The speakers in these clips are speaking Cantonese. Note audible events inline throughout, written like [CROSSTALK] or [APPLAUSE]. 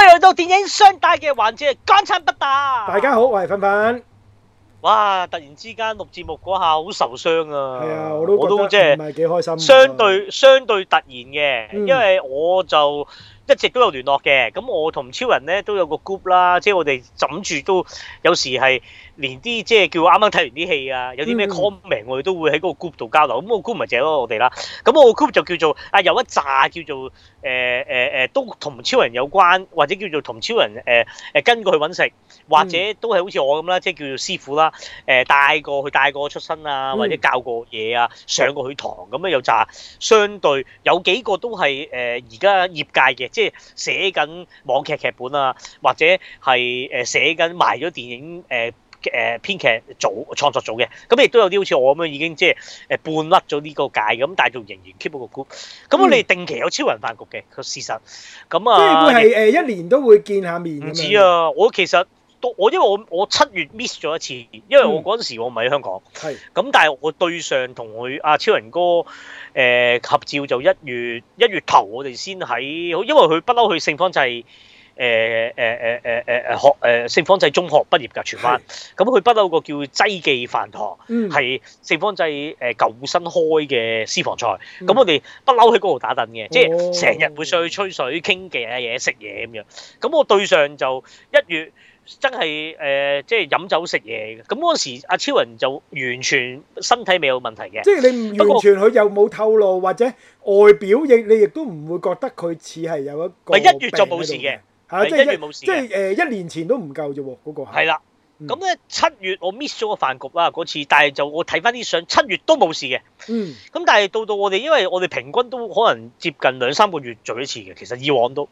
歡迎到電影雙帶嘅環節，港產不打。大家好，我係分分。哇！突然之間錄節目嗰下，好受傷啊！係啊，我都我都即係唔係幾開心。相對相對突然嘅，因為我就一直都有聯絡嘅。咁我同超人呢都有個 group 啦，即係我哋枕住都有時係。連啲即係叫啱啱睇完啲戲啊，有啲咩 comment 我哋都會喺嗰個 group 度交流。咁個 group 咪就係咯我哋啦。咁我個 group 就叫做啊有一紮叫做誒誒誒都同超人有關，或者叫做同超人誒誒跟過去揾食，或者都係好似我咁啦，即係叫做師傅啦。誒帶過去帶過我出身啊，或者教過嘢啊，上過佢堂咁啊，有紮相對有幾個都係誒而家業界嘅，即係寫緊網劇劇本啊，或者係誒寫緊賣咗電影誒。誒、呃、編劇組創作組嘅，咁亦都有啲好似我咁樣已經即係誒半甩咗呢個界咁，但係仲仍然 keep 喺個 group。咁我哋定期有超人飯局嘅，嗯、事實咁啊。即係會係誒一年都會見下面。唔知啊，我其實都我因為我我七月 miss 咗一次，因為我嗰陣時我唔喺香港。係、嗯。咁但係我對上同佢阿超人哥誒、呃、合照就一月一月頭，我哋先喺，因為佢不嬲佢盛方就係、是。誒誒誒誒誒誒學誒、欸、聖方濟中學畢業㗎，荃灣。咁佢不嬲個叫濟記飯堂，係、嗯、聖方濟誒舊新開嘅私房菜。咁我哋不嬲喺嗰度打躉嘅，哦、即係成日會上去吹水、傾偈、嘢食嘢咁樣。咁我對上就一月真係誒、呃，即係飲酒食嘢嘅。咁嗰時阿、啊、超人就完全身體未有問題嘅。即係你唔完全，佢又冇透露，或者外表亦你亦都唔會覺得佢似係有一個。咪一月就冇事嘅。係，啊、即係一，一即係誒、呃，一年前都唔夠啫喎，嗰、嗰個係。咁咧七月我 miss 咗個飯局啦嗰次，但係就我睇翻啲相，七月都冇事嘅。嗯。咁但係到到我哋，因為我哋平均都可能接近兩三個月做一次嘅，其實以往都。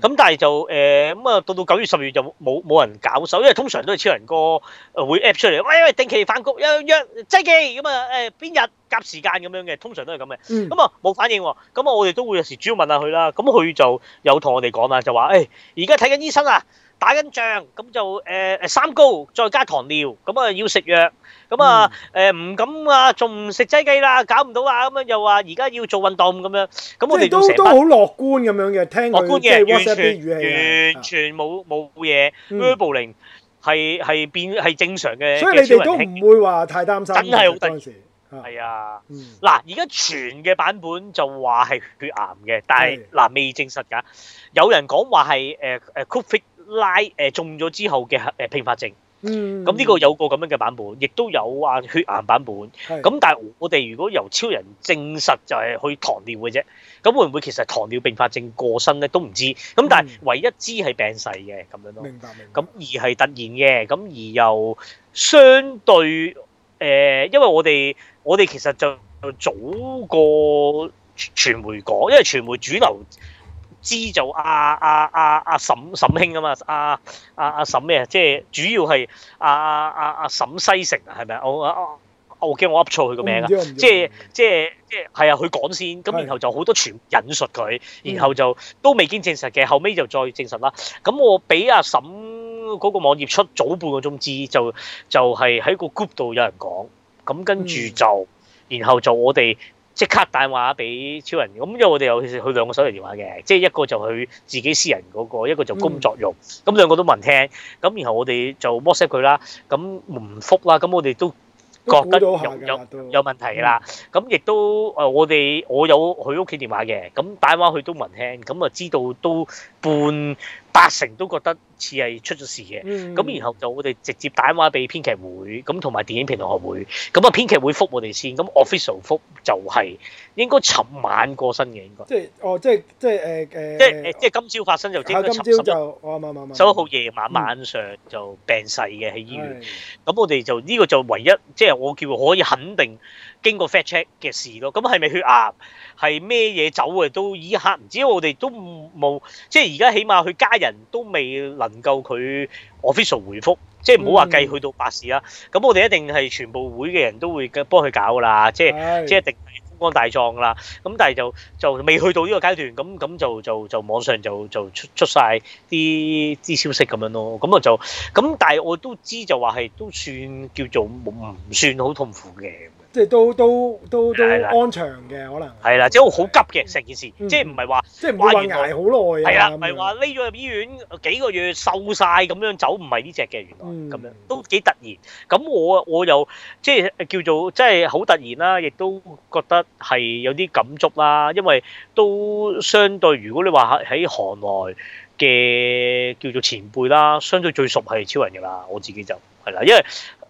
咁但係就誒咁啊，到到九月十月就冇冇人搞手，因為通常都係超人哥會 app 出嚟，喂喂定期飯局，約約，即機咁啊誒邊日夾時間咁樣嘅，通常都係咁嘅。嗯。咁啊冇反應喎，咁啊我哋都會有時主要問下佢啦，咁佢就有同我哋講啦，就話誒而家睇緊醫生啊。打緊仗咁就誒誒三高，再加糖尿，咁啊要食藥，咁啊誒唔敢啊，仲唔食雞雞啦，搞唔到啊，咁樣又話而家要做運動咁樣，咁我哋都都好樂觀咁樣嘅，聽樂觀嘅，完全完全冇冇嘢，嗰部靈係係變係正常嘅，所以你哋都唔會話太擔心。真係好得意，係啊，嗱而家全嘅版本就話係血癌嘅，但係嗱未證實㗎，有人講話係誒誒 Covid。拉誒中咗之後嘅誒併發症，咁呢、嗯、個有個咁樣嘅版本，亦都有啊血癌版本。咁是但係我哋如果由超人證實就係去糖尿嘅啫，咁會唔會其實糖尿併發症過身咧？都唔知。咁但係唯一知係病逝嘅咁樣咯。明白明白。咁而係突然嘅，咁而又相對誒、呃，因為我哋我哋其實就早過傳媒講，因為傳媒主流。知就阿阿阿阿沈沈兄啊嘛，阿阿阿沈咩啊？即係主要係阿阿阿阿沈西城係咪啊？我我我驚我噏錯佢個名啊！即係即係即係係啊！佢講先，咁然後就好多傳引述佢，然後就都未經證實嘅，後尾就再證實啦。咁我俾阿沈嗰個網頁出早半個鐘之，就就係喺個 group 度有人講，咁跟住就，然後就我哋，即刻打電話俾超人，咁因為我哋有佢兩個手提電話嘅，即係一個就佢自己私人嗰個，一個就工作用，咁兩個都唔聞聽，咁然後我哋就 WhatsApp 佢啦，咁唔復啦，咁我哋都覺得有有有問題啦，咁亦都誒我哋我有佢屋企電話嘅，咁打電話佢都唔聞聽，咁啊知道都半。八成都覺得似係出咗事嘅，咁、嗯、然後就我哋直接打電話俾編劇會，咁同埋電影評論學會，咁啊編劇會覆我哋先，咁 official 覆就係應該尋晚過身嘅，應該。即係哦，即係即係誒誒。即係誒，呃、即係今朝發生就應該係晚，朝就，我啱啱好夜晚上晚上、嗯、上就病逝嘅喺醫院，咁的、嗯嗯、我哋就呢、這個就唯一即係、就是、我叫我可以肯定。經過 fact check 嘅事咯，咁係咪血癌？係咩嘢走嘅都依一刻唔知，我哋都冇即係而家起碼佢家人都未能夠佢 official 回覆，即係唔好話計去到百事啦。咁我哋一定係全部會嘅人都會嘅幫佢搞噶啦，是即係即係一定風光大葬噶啦。咁但係就就未去到呢個階段，咁咁就就就網上就就出出曬啲啲消息咁樣咯。咁啊就咁，但係我都知就話係都算叫做唔算好痛苦嘅。即係都都都都安詳嘅可能係啦，即係好急嘅成件事，即係唔係話即係唔係話捱好耐啊？係啦，唔係話匿咗入醫院幾個月瘦曬咁樣走，唔係呢隻嘅原來咁樣，都幾突然。咁我我又即係叫做即係好突然啦，亦都覺得係有啲感觸啦。因為都相對，如果你話喺喺行內嘅叫做前輩啦，相對最熟係超人嘅啦，我自己就係啦，因為。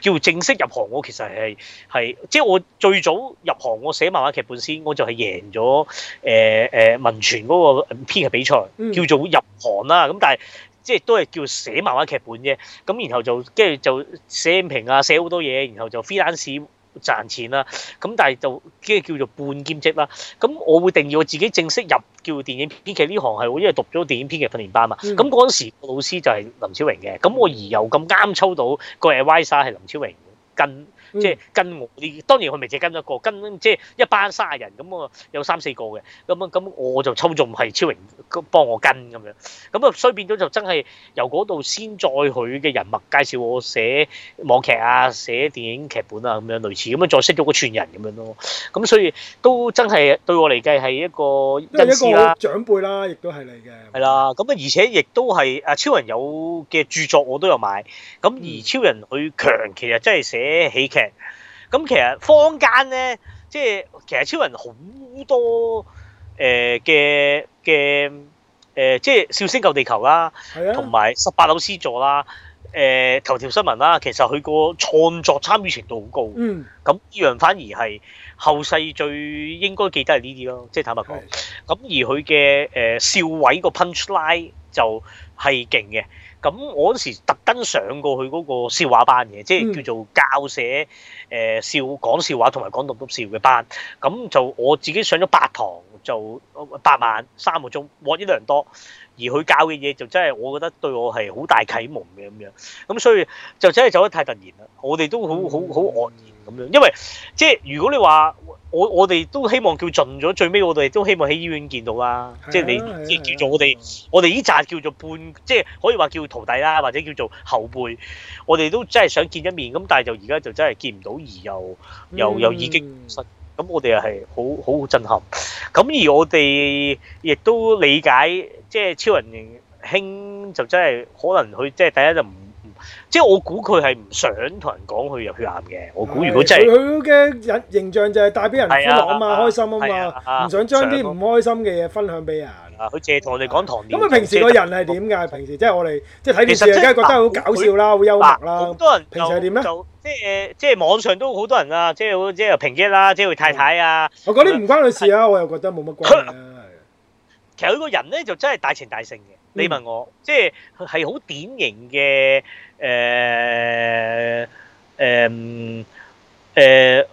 叫正式入行，我其實係係即係我最早入行，我寫漫畫劇本先，我就係贏咗誒誒文傳嗰個編劇比賽，叫做入行啦。咁但係即係都係叫寫漫畫劇本啫。咁然後就跟住就寫影評啊，寫好多嘢，然後就 freelance。賺錢啦，咁但係就即係叫做半兼職啦。咁我會定義我自己正式入叫做電影編劇呢行係，因為讀咗電影編劇訓練班嘛。咁嗰陣時個老師就係林超榮嘅。咁我而又咁啱抽到個 Y 莎係林超榮跟。嗯、即係跟我呢，當然佢唔係只跟一個，跟即係一班卅人咁啊，有三四個嘅咁啊，咁我就抽中係超人幫我跟咁樣，咁啊，所以變到就真係由嗰度先再佢嘅人物介紹我寫網劇啊，寫電影劇本啊咁樣類似，咁啊再識咗個串人咁樣咯，咁所以都真係對我嚟計係一個恩師啦，長輩啦，亦都係嚟嘅。係啦，咁啊而且亦都係阿超人有嘅著作我都有買，咁而超人佢強其實真係寫喜劇。咁其實坊間咧，即係其實超人好多誒嘅嘅誒，即、呃、係《笑、呃就是、星救地球》啦的，同埋《十八樓 C 座》啦，呃，誒頭條新聞啦，其實佢個創作參與程度好高。嗯，咁呢樣反而係後世最應該記得係呢啲咯，即、就、係、是、坦白講。咁的而佢嘅誒笑、呃、位個 punch line 就係勁嘅。咁我嗰時特登上過去嗰個笑話班嘅，即係叫做教寫誒、呃、笑講笑話同埋講棟篤笑嘅班。咁就我自己上咗八堂，就八萬三個鐘，獲益良多。而佢教嘅嘢就真係我覺得對我係好大啟蒙嘅咁樣。咁所以就真係走得太突然啦。我哋都好好好愕然。因為，即係如果你話我，我哋都希望叫盡咗，最尾我哋都希望喺醫院見到啦，啊、即係你即係、啊、叫做我哋、啊、我哋依扎叫做半即係可以話叫徒弟啦，或者叫做後輩，我哋都真係想見一面，咁但係就而家就真係見唔到而又、嗯、又又已經失，咁我哋又係好好震撼。咁而我哋亦都理解，即係超人兄就真係可能佢即係大家就唔。即係我估佢係唔想同人講佢有血癌嘅，我估如果真係佢嘅形象就係帶俾人歡樂啊嘛，開心啊嘛，唔想將啲唔開心嘅嘢分享俾人。啊，佢借台我哋講唐。咁佢平時個人係點噶？平時即係我哋即係睇電視，梗係覺得好搞笑啦，好幽默啦。多人平時係點咧？即係即係網上都好多人啊，即係即係平息啦，即係太太啊。我講啲唔關佢事啊，我又覺得冇乜關係。其實佢個人咧就真係大情大性嘅。你問我，即係係好典型嘅誒誒誒，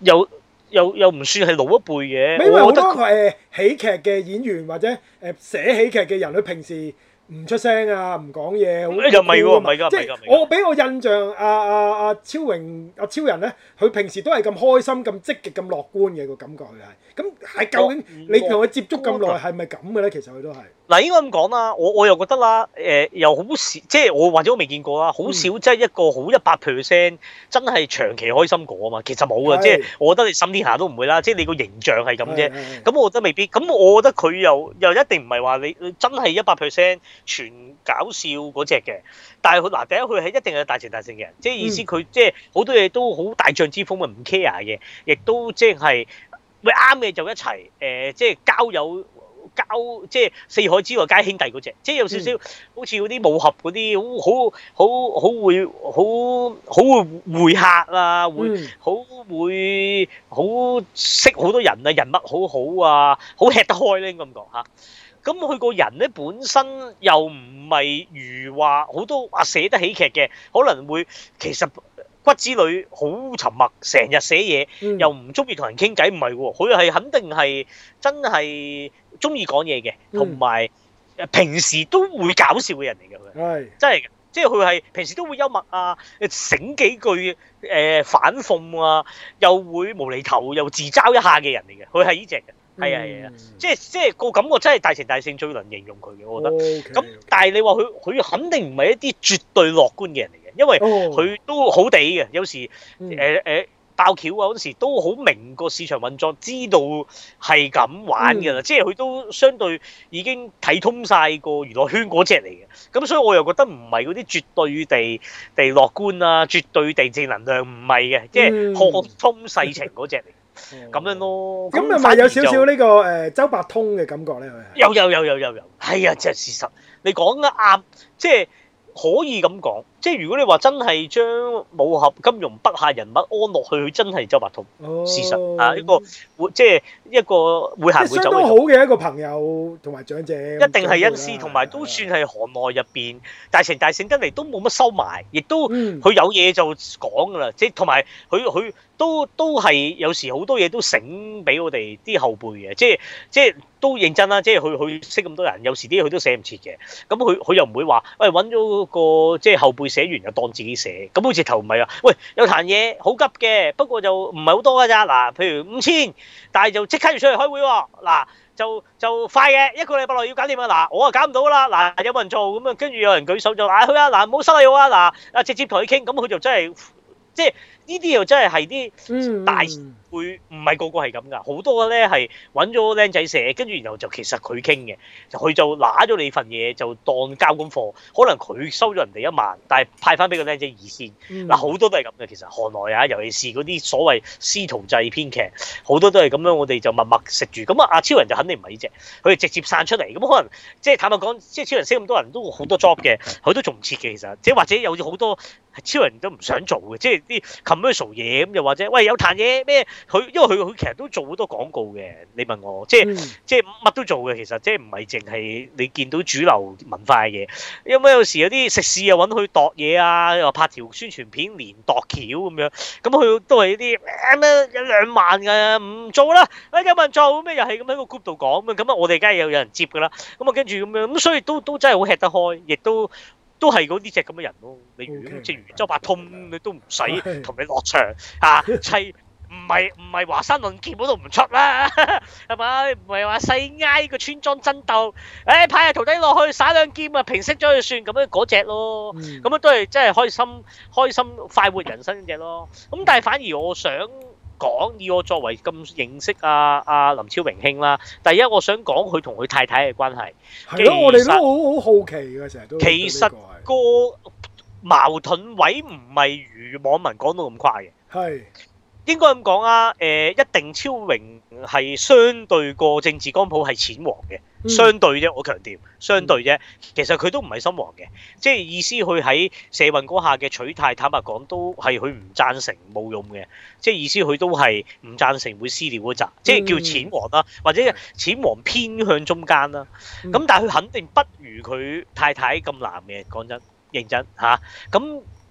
又又又唔算係老一輩嘅。因為好多係喜劇嘅演員或者誒寫喜劇嘅人，佢平時唔出聲啊，唔講嘢，好。又唔係喎，唔係㗎，唔係㗎。我俾我印象，阿阿阿超榮、阿超人咧，佢平時都係咁開心、咁積極、咁樂觀嘅個感覺，佢係。咁係究竟你同佢接觸咁耐，係咪咁嘅咧？其實佢都係。嗱，應該咁講啦，我我又覺得啦，誒、呃、又好少，即係我或者我未見過啦，好、嗯、少即係一個好一百 percent 真係長期開心果啊嘛，其實冇啊，是即係我覺得你沈殿霞都唔會啦，即係你個形象係咁啫，咁我覺得未必，咁我覺得佢又又一定唔係話你真係一百 percent 全搞笑嗰隻嘅，但係佢嗱，第一佢係一定係大情大性嘅，即係意思佢即係好多嘢都好大將之風啊，唔 care 嘅，亦都即係會啱嘅就一齊誒，即、呃、係、就是、交友。交即係、就是、四海之外皆兄弟嗰隻，即、就、係、是、有少少好似嗰啲武俠嗰啲，好好好好，好會，好好會會客啊，嗯、會好會好識好多人啊，人物好好啊，好吃得開咧，咁講吓，咁佢、啊、個人咧本身又唔係如話好多話寫、啊、得喜劇嘅，可能會其實。骨子裏好沉默，成日寫嘢，又唔中意同人傾偈，唔係喎，佢係肯定係真係中意講嘢嘅，同埋誒平時都會搞笑嘅人嚟嘅，佢係真係嘅，即係佢係平時都會幽默啊，醒幾句誒反諷啊，又會無厘頭，又自嘲一下嘅人嚟嘅，佢係呢隻嘅，係啊係啊，即係即係個感覺真係大情大性最能形容佢嘅，我覺得，咁但係你話佢佢肯定唔係一啲絕對樂觀嘅人嚟。因為佢都好地嘅，有時誒誒爆橋啊，嗰時都好明個市場運作，知道係咁玩嘅啦。即係佢都相對已經睇通晒個娛樂圈嗰隻嚟嘅。咁所以我又覺得唔係嗰啲絕對地地樂觀啊，絕對地正能量唔係嘅，即係學通世情嗰隻嚟，咁樣咯。咁咪咪有少少呢個誒周伯通嘅感覺咧？有有有有有有，係啊，即係事實。你講得啱，即係。可以咁講，即係如果你話真係將武俠金融筆下人物安落去，佢真係周伯通、哦、事實啊，一個會即係一個會係會走，會走好嘅一個朋友同埋長者，一定係恩師，同埋都算係行內入邊大情大性得嚟都冇乜收埋，亦都佢有嘢就講㗎啦，即係同埋佢佢。都都係有時好多嘢都醒俾我哋啲後輩嘅，即係即係都認真啦。即係佢佢識咁多人，有時啲嘢佢都寫唔切嘅。咁佢佢又唔會話，喂，搵咗個即係後輩寫完就當自己寫。咁好似頭唔係啊，喂，有壇嘢好急嘅，不過就唔係好多㗎咋嗱，譬如五千，但係就即刻要出去開會喎、哦、嗱，就就快嘅一個禮拜內要搞掂啊嗱，我啊搞唔到啦嗱，人有冇人做咁啊？跟住有人舉手就嗌去啊嗱，唔好失禮我啊嗱，啊直接同佢傾，咁佢就真係即係。即呢啲又真係係啲大會，唔係個個係咁㗎。好多咧係揾咗僆仔寫，跟住然後就其實佢傾嘅，就佢就拿咗你份嘢就當交功課。可能佢收咗人哋一萬，但係派翻俾個僆仔二千。嗱，好多都係咁嘅，其實行內啊，尤其是嗰啲所謂師徒制編劇，好多都係咁樣。我哋就默默食住。咁啊，阿超人就肯定唔係呢隻，佢就直接散出嚟。咁可能即係坦白講，即係超人寫咁多人都好多 job 嘅，佢都做唔切嘅。其實即係或者有好多超人都唔想做嘅，即係啲。咁多傻嘢咁又或者，喂有彈嘢咩？佢因為佢佢其實都做好多廣告嘅。你問我，即係、嗯、即係乜都做嘅。其實即係唔係淨係你見到主流文化嘅嘢。因為有時有啲食肆又揾佢度嘢啊，又拍條宣傳片連度橋咁樣。咁、嗯、佢都係啲咩有兩萬㗎，唔做啦。啊有冇人做咩？又係咁喺個 group 度講咁啊？樣我哋梗係又有人接㗎啦。咁啊跟住咁樣咁，所以都都真係好吃得開，亦都。都係嗰啲隻咁嘅人咯，你如即係周伯通，你都唔使同你落場嚇，砌的，唔係唔係華山論劍都唔出啦，係 [LAUGHS] 咪？唔係話細埃個村莊爭鬥，誒、哎、派下徒弟落去耍兩劍啊，平息咗就算咁樣嗰隻咯，咁樣都係真係開心、開心、快活人生嗰隻咯。咁但係反而我想講以我作為咁認識阿、啊、阿、啊、林超榮兄啦，第一我想講佢同佢太太嘅關係。其實、啊，我哋都好好好奇嘅，成日都其實個矛盾位唔係如網民講到咁誇嘅。係。應該咁講啊，誒、呃，一定超榮係相對個政治光譜係淺黃嘅，相對啫，我強調，相對啫。其實佢都唔係深黃嘅，即係意思佢喺社運嗰下嘅取態，坦白講都係佢唔贊成冇用嘅，即係意思佢都係唔贊成會私了嗰集，即係叫淺黃啦，或者淺黃偏向中間啦。咁但係佢肯定不如佢太太咁藍嘅，講真認真吓咁。啊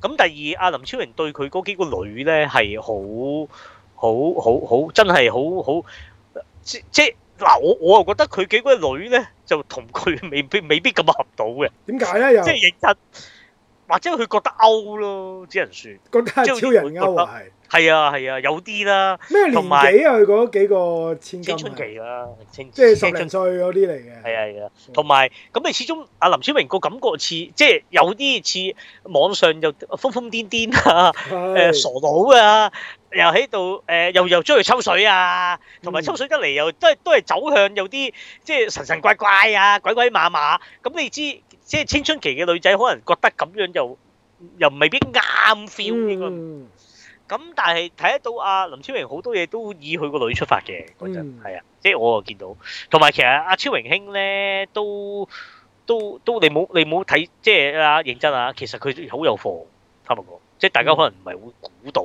咁第二阿林超榮對佢嗰幾個女咧係好好好好真係好好即即嗱我我又覺得佢幾個女咧就同佢未，未必未必咁合到嘅。點解咧？即即認真，或者佢覺得勾咯，只能算覺得超人歐啊，係。係啊係啊，有啲啦。咩年紀啊？佢嗰幾個青春期啦，即係十零歲嗰啲嚟嘅。係啊係啊，同埋咁你始終阿林超榮個感覺似，即係有啲似網上又瘋瘋癲癲啊，誒傻佬啊，又喺度誒又又出去抽水啊，同埋抽水得嚟又都係都係走向有啲即係神神怪怪啊、鬼鬼馬馬。咁你知即係青春期嘅女仔可能覺得咁樣又又未必啱 feel 呢個。咁但係睇得到阿林超榮好多嘢都以佢個女出發嘅嗰陣，係啊、嗯，即係我啊見到。同埋其實阿超榮兄咧都都都，你冇你冇睇，即係啊認真啊，其實佢好有貨，差唔多，即係大家可能唔係會估到。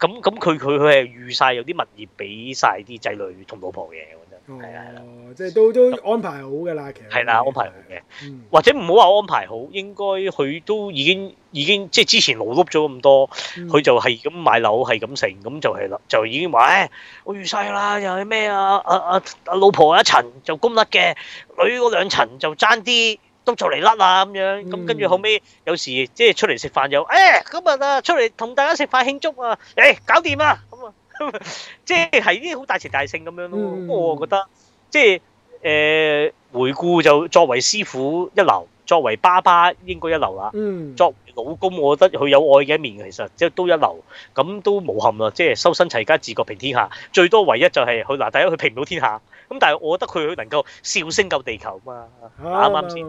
咁咁佢佢佢係預晒有啲物業俾晒啲仔女同老婆嘅。係啦、哦，即係都都安排好嘅啦，其實係啦，的的安排好嘅，嗯、或者唔好話安排好，應該佢都已經已經即係之前勞碌咗咁多，佢、嗯、就係咁買樓，係咁成。咁就係、是、啦，就已經話誒、哎，我預晒啦，又係咩啊啊啊啊老婆一層就供甩嘅，女嗰兩層就爭啲都做嚟甩啊咁樣，咁、嗯、跟住後尾，有時即係出嚟食飯就誒、哎，今日啊出嚟同大家食飯慶祝啊，誒、哎、搞掂啊。啊」即係啲好大情大性咁樣咯，不過、嗯、我覺得即係誒，回顧就作為師傅一流，作為爸爸應該一流啦。嗯，作為老公我覺得佢有愛嘅一面，其實即係都一流。咁都無憾啦，即係修身齊家治國平天下，最多唯一就係去，嗱，第一佢平唔到天下。咁但係我覺得佢能夠笑聲救地球嘛，啱啱先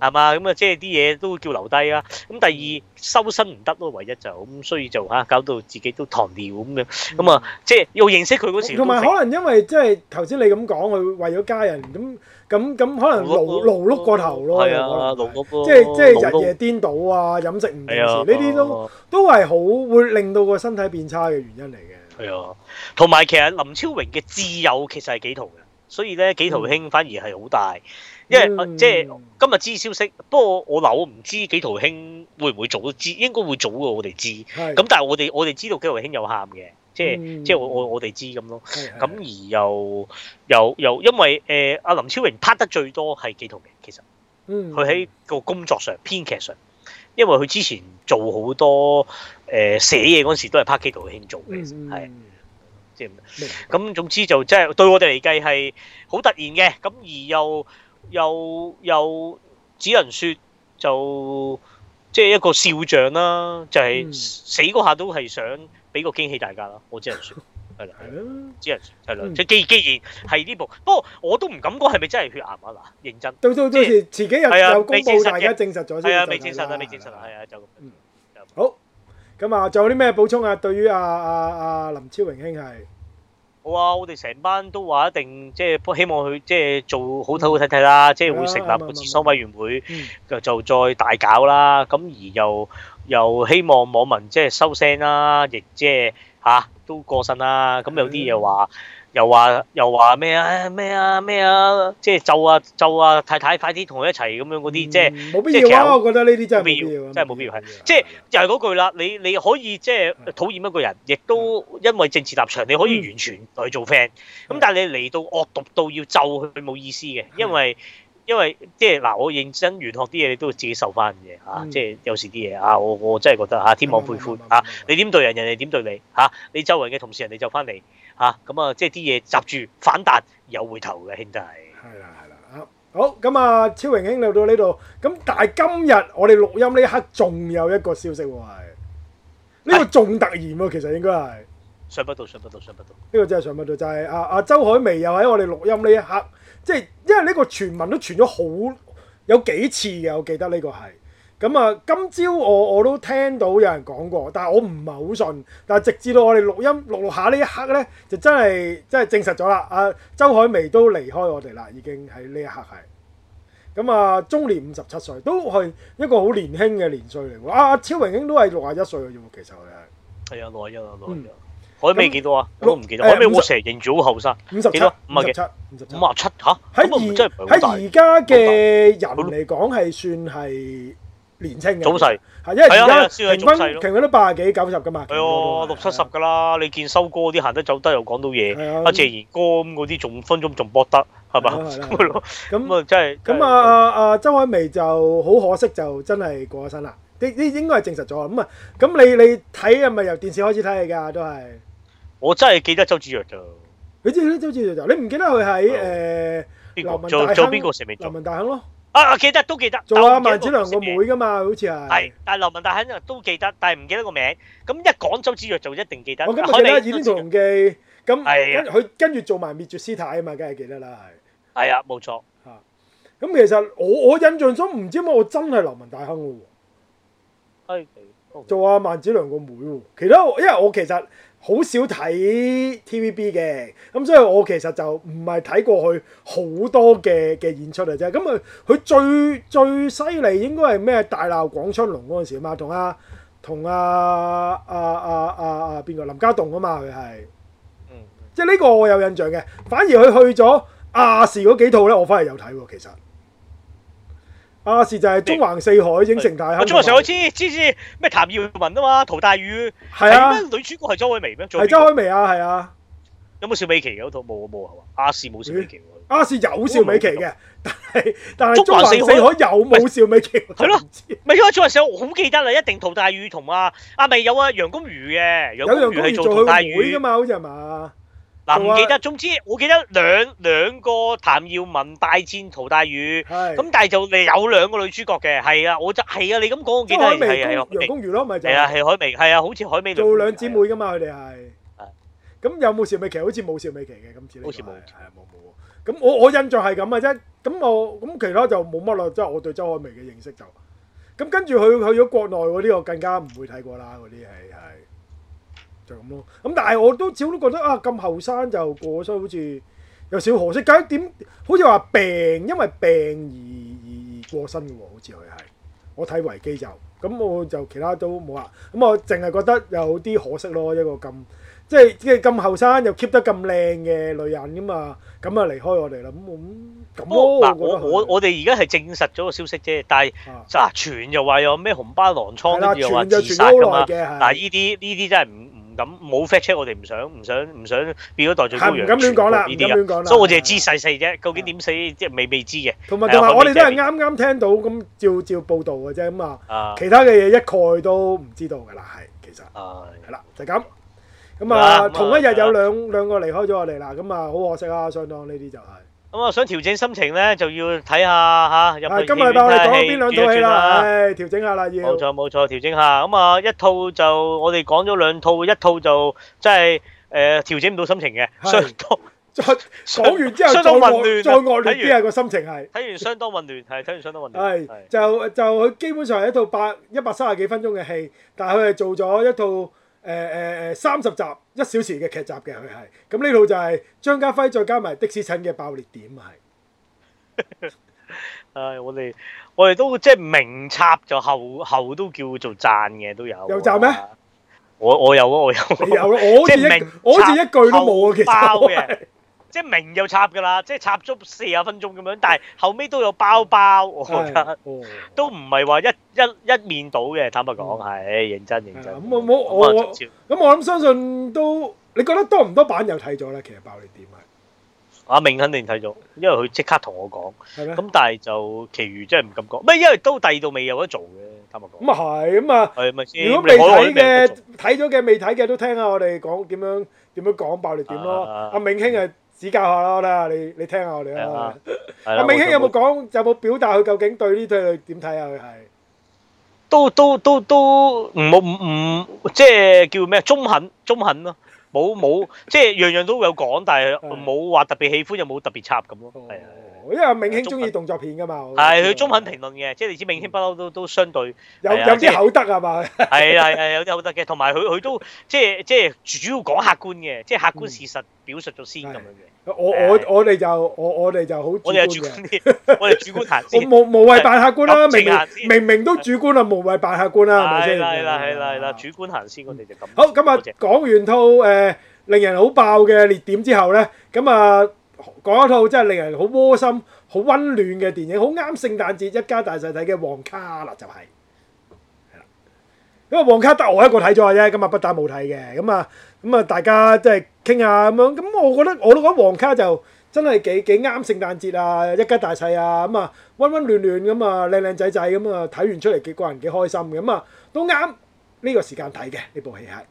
係嘛？咁啊，即係啲嘢都叫留低啊。咁第二修身唔得咯，唯一就咁，所以就嚇搞到自己都糖尿咁樣。咁啊，即係要認識佢嗰時。同埋可能因為即係頭先你咁講，佢為咗家人咁咁咁，可能勞碌過頭咯。係啊，勞碌即係即係日夜顛倒啊，飲食唔定時呢啲都都係好會令到個身體變差嘅原因嚟嘅。係啊，同埋其實林超榮嘅自由其實係幾㗎。所以咧，紀陶兄反而係好大，因為、嗯啊、即係今日知消息，不過我諗唔知紀陶兄會唔會早，知應該會早嘅，我哋知。咁的但係我哋我哋知道紀陶兄有喊嘅，即係、嗯、即係我我哋知咁咯。咁的而又又又因為誒阿、呃、林超榮拍得最多係紀陶嘅，其實，佢喺個工作上編劇上，因為佢之前做好多誒、呃、寫嘢嗰時都係拍紀陶兄做嘅，係。咁總之就即係對我哋嚟計係好突然嘅，咁而又又又只能説就即係一個笑像啦，就係死嗰下都係想俾個驚喜大家啦。我只能説係啦，只能説係啦。即係既既然係呢部，不過我都唔敢講係咪真係血癌啊？嗱，認真到到到時前幾日就公佈曬，而家證實咗先。係啊，未證實啊，未證實啊。係啊，就嗯好咁啊，仲有啲咩補充啊？對於啊，阿阿林超榮兄係。好啊！我哋成班都話一定，即、就、係、是、希望佢即係做好睇好睇睇啦，即係、嗯、會成立個諮詢委員會，嗯、就再大搞啦。咁而又又希望網民即係收聲啦、啊，亦即係嚇都過身啦、啊。咁有啲嘢話。嗯嗯又話又話咩啊咩啊咩啊！即係咒啊咒啊太太快啲同我一齊咁樣，嗰啲即係冇必要，我覺得呢啲真係冇必要，真係冇必要係。即係又係嗰句啦，你你可以即係討厭一個人，亦都因為政治立場，你可以完全去做 friend。咁但係你嚟到惡毒到要咒佢，冇意思嘅。因為因為即係嗱，我認真玄學啲嘢，你都會自己受翻嘅吓。即係有時啲嘢啊，我我真係覺得吓，天網恢恢吓，你點對人，人哋點對你吓？你周圍嘅同事，人哋就翻嚟。啊，咁啊，即係啲嘢閘住反彈，有回頭嘅兄弟。係啦，係啦，好，咁啊，超榮兄嚟到呢度，咁但係今日我哋錄音呢刻仲有一個消息喎，係呢、呢個仲突然喎、啊，其實應該係上不到，上不到，上不到。呢個真係上不到，就係阿阿周海媚又喺我哋錄音呢一刻，即、就、係、是、因為呢個傳聞都傳咗好有幾次嘅，我記得呢個係。咁啊，今朝我我都聽到有人講過，但係我唔係好信。但係直至到我哋錄音錄錄下呢一刻咧，就真係真係證實咗啦！阿、啊、周海媚都離開我哋啦，已經喺呢一刻係。咁啊，中年五十七歲都係一個好年輕嘅年歲嚟喎。阿、啊、超榮英都係六十一歲嘅，其實佢係。係、嗯、啊，六十一啊，六一。Uh, 50, 海媚幾多啊，我都唔記得。海媚我成日認住好後生。五十七，五十七？五十七，五十七？嚇！喺而喺而家嘅人嚟講係算係。年青嘅，早逝，係因為而家平均平均都八十幾、九十噶嘛。係哦，六七十噶啦。你見收歌嗰啲行得走得又講到嘢，阿謝賢哥嗰啲，仲分鐘仲搏得係嘛？咁咪啊，真係。咁啊啊周海媚就好可惜，就真係過咗身啦。呢啲應該係證實咗啦。咁啊，咁你你睇係咪由電視開始睇佢㗎都係？我真係記得周芷若咋。你知唔知周芷若就你唔記得佢喺誒？做做邊個成名做流氓大亨咯。啊！記得都記得，做阿萬梓良個妹噶嘛，好似係。係，但係流氓大亨都記得，但係唔記得個名。咁一講周芷若就一定記得。我記得倚天屠龍記，咁佢跟住做埋滅絕師太啊嘛，梗係記得啦，係。係啊，冇錯。嚇！咁其實我我印象中唔知點解我真係流氓大亨嘅喎。係。做阿萬梓良個妹，其他因為我其實。好少睇 TVB 嘅，咁所以我其實就唔係睇過佢好多嘅嘅演出嚟啫。咁啊，佢最最犀利應該係咩？大鬧廣昌隆嗰陣時啊嘛，同啊同啊啊啊啊啊邊個？林家棟啊嘛，佢係，嗯，即係呢個我有印象嘅。反而佢去咗亞視嗰幾套咧，我反而有睇喎，其實。阿是就係中環四海影城大廈。體，中環四海知知知咩譚耀文啊嘛，陶大宇係咩？啊、女主角係周海媚咩？係周海媚啊，係啊。有冇邵美琪嗰套？冇、嗯、啊冇係嘛。亞視冇邵美琪。亞視有邵美琪嘅，但係但係中環四海有冇邵美琪？係咯、啊，咪因為中環四海我好記得啦，一定陶大宇同阿阿咪有啊楊恭如嘅，有楊恭如係做陶大宇噶嘛，好似係嘛。嗱唔記得，總之我記得兩兩個譚耀文大戰陶大宇，咁但係就有兩個女主角嘅，係啊，我就係啊，你咁講我記得係啊，楊公園咯，咪就係啊，係海媚，係啊，好似海媚做兩姊妹噶嘛佢哋係，咁有冇邵美琪？好似冇邵美琪嘅今次，好似冇，係啊冇冇。咁我我印象係咁嘅啫，咁我咁其他就冇乜啦，即係我對周海媚嘅認識就，咁跟住佢去咗國內嗰啲，我更加唔會睇過啦，嗰啲係係。就咁咯，咁、嗯、但係我都始終都覺得啊，咁後生就過身，好似有少可惜。咁點好似話病，因為病而而過身嘅喎，好似佢係。我睇維基就咁、嗯，我就其他都冇話。咁、嗯、我淨係覺得有啲可惜咯，一個咁即係即係咁後生又 keep 得咁靚嘅女人㗎嘛。咁啊離開我哋啦。咁咁咁咯。我我我哋而家係證實咗個消息啫，但係嗱、啊啊，傳就話有咩紅斑狼瘡跟住又話自殺㗎嘛。但係依啲依啲真係唔～、嗯咁冇 fact check 我哋唔想唔想唔想變咗代罪羔羊。係唔敢亂講啦，唔敢亂講啦。所以我哋係知細細啫，究竟點死即係未未知嘅。同埋同埋我哋都係啱啱聽到，咁照照報道嘅啫，咁啊，其他嘅嘢一概都唔知道嘅啦，係其實係啦、啊啊，就係、是、咁。咁、嗯、啊，同一日有兩、啊、兩個離開咗我哋啦，咁啊，好可惜啊，相當呢啲就係、是。咁啊，想調整心情咧，就要睇下嚇入面嘅戲。今日我哋講邊兩套戲啦？唉，調整下啦，要。冇錯冇錯，調整下。咁啊，一套就我哋講咗兩套，一套就即係誒調整唔到心情嘅。相再講完之後，相當混亂，再惡劣啲嘅心情係。睇完相當混亂，係睇完相當混亂。係就就佢基本上係一套百一百三十幾分鐘嘅戲，但係佢係做咗一套。誒誒誒，三十集一小時嘅劇集嘅佢係，咁呢套就係張家輝再加埋的士陳嘅爆裂點係。唉 [LAUGHS] 、啊，我哋我哋都即係名插就後後都叫做讚嘅都有。有讚咩？我我有啊，我有。我有我即係名，有 [LAUGHS] 我好似一,一句都冇啊，其實。 [LAUGHS] 即係明又插㗎啦，即係插足四十分鐘咁樣，但係後尾都有包包，我覺得都唔係話一一一面倒嘅。坦白講係認真認真。咁我冇我我咁我諗相信都你覺得多唔多版友睇咗咧？其實爆裂點啊？阿明肯定睇咗，因為佢即刻同我講。咁但係就，其餘真係唔敢講，唔係因為都第二度未有得做嘅。坦白講咁啊係咁啊係咪先？如果未睇嘅睇咗嘅未睇嘅都聽下我哋講點樣點樣講爆裂點咯。阿明兄啊！指教下啦，睇下你你聽下我哋咯。阿明兄有冇講？有冇表達佢究竟對呢對點睇啊？佢係都都都都唔冇唔唔即係叫咩？中肯中肯咯，冇冇即係樣樣都會有講，但係冇話特別喜歡又冇特別插咁咯。係啊。因為明興中意動作片噶嘛，係佢中肯評論嘅，即係你知，明興不嬲都都相對有有啲口德係嘛，係係係有啲口德嘅，同埋佢佢都即係即係主要講客觀嘅，即係客觀事實表述咗先咁樣嘅。我我我哋就我我哋就好，我哋係主觀嘅，我哋主觀行先，無無謂扮客觀啦，明明明都主觀啦，無謂扮客觀啦，係啦係啦係啦係啦，主觀行先，我哋就咁。好，今日講完套誒令人好爆嘅裂點之後咧，咁啊，講一套真係令人好窩心、好温暖嘅電影，好啱聖誕節一家大細睇嘅《旺卡》啦，就係。係啦，因為《旺卡》得我一個睇咗嘅啫，咁啊不打冇睇嘅，咁啊咁啊大家即係傾下咁樣，咁、嗯嗯、我覺得我都覺得《旺卡》就真係幾幾啱聖誕節啊，一家大細啊，咁啊温温暖暖咁啊靚靚仔仔咁啊睇完出嚟幾個人幾開心咁啊、嗯嗯、都啱呢個時間睇嘅呢部戲係。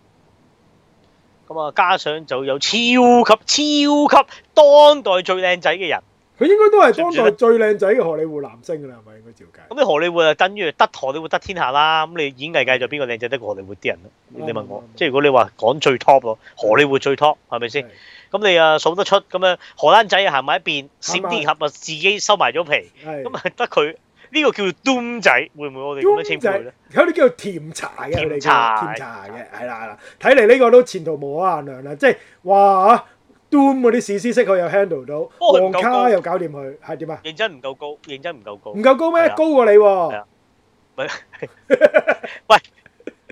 咁啊，加、嗯、上就有超級超級當代最靚仔嘅人，佢應該都係當代最靚仔嘅荷里活男星㗎啦，係咪應該照計？咁你荷里活就等於得荷里活得天下啦，咁你演藝界就邊個靚仔得過荷里活啲人咧？嗯、你問我，嗯嗯嗯嗯、即係如果你話講最 top 囉荷里活最 top 係咪先？咁的你啊數得出咁樣荷蘭仔行埋一邊，的閃電俠啊自己收埋咗皮，咁係得佢。呢個叫做 Doom 仔，會唔會我哋講得清楚咧？有啲叫甜茶嘅，甜茶甜茶嘅，係啦係啦。睇嚟呢個都前途無可限量啦！即係哇嚇，Doom 嗰啲試試識佢又 handle 到，旺卡又搞掂佢係點啊？認真唔夠高，認真唔夠高，唔夠高咩？高過你喎！喂